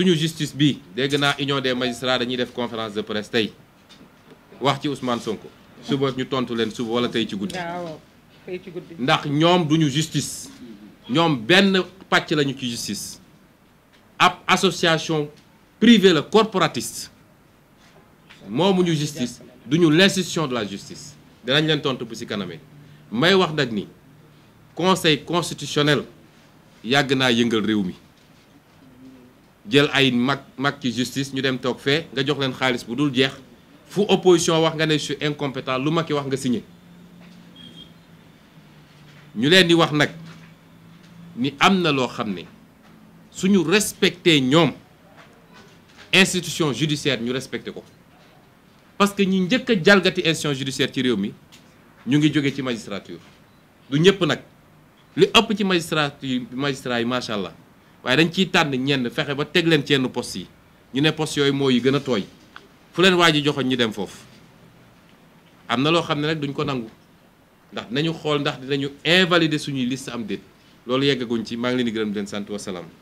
suñu justice bi dégg naa union des magistrats dañuy def conférence de presse tey wax ci Ousmane Sonko suba ñu tontu leen suba wala tey ci guddi ah, ndax ñoom duñu justice ñoom benn pàcc lañu ci justice ab association privée la corporatiste moomuñu justice duñu l'institution de la justice danañ leen tontu bu ci kanamee may wax nag ni conseil constitutionnel yàgg naa yëngal réew mi jël ay mag mag ci justice ñu dem toog fee nga jox leen xaalis bu dul jeex fu opposition wax nga ne je suis incompétent lu Macky wax nga signé ñu leen di wax nag ni am na loo xam ne suñu respecté ñoom institution judiciaire ñu respecté ko parce que ñi njëkk jalgati institution judiciaire ci réew mi ñu ngi jóge ci magistrature du ñëpp nag li ëpp ci magistrature magistrat yi macha allah. waaye dañ ciy tànn ñenn fexe ba teg leen ci yenn yi ñu ne poste yooyu moo yi gën a tooy fu leen waa ji joxoon ñu dem foofu am na loo xam ne nag duñ ko nangu ndax nañu xool ndax dinañu invalider suñuy liste am déet loolu yeggaguñ ci maa ngi leen di gërëm leen sant wasalaam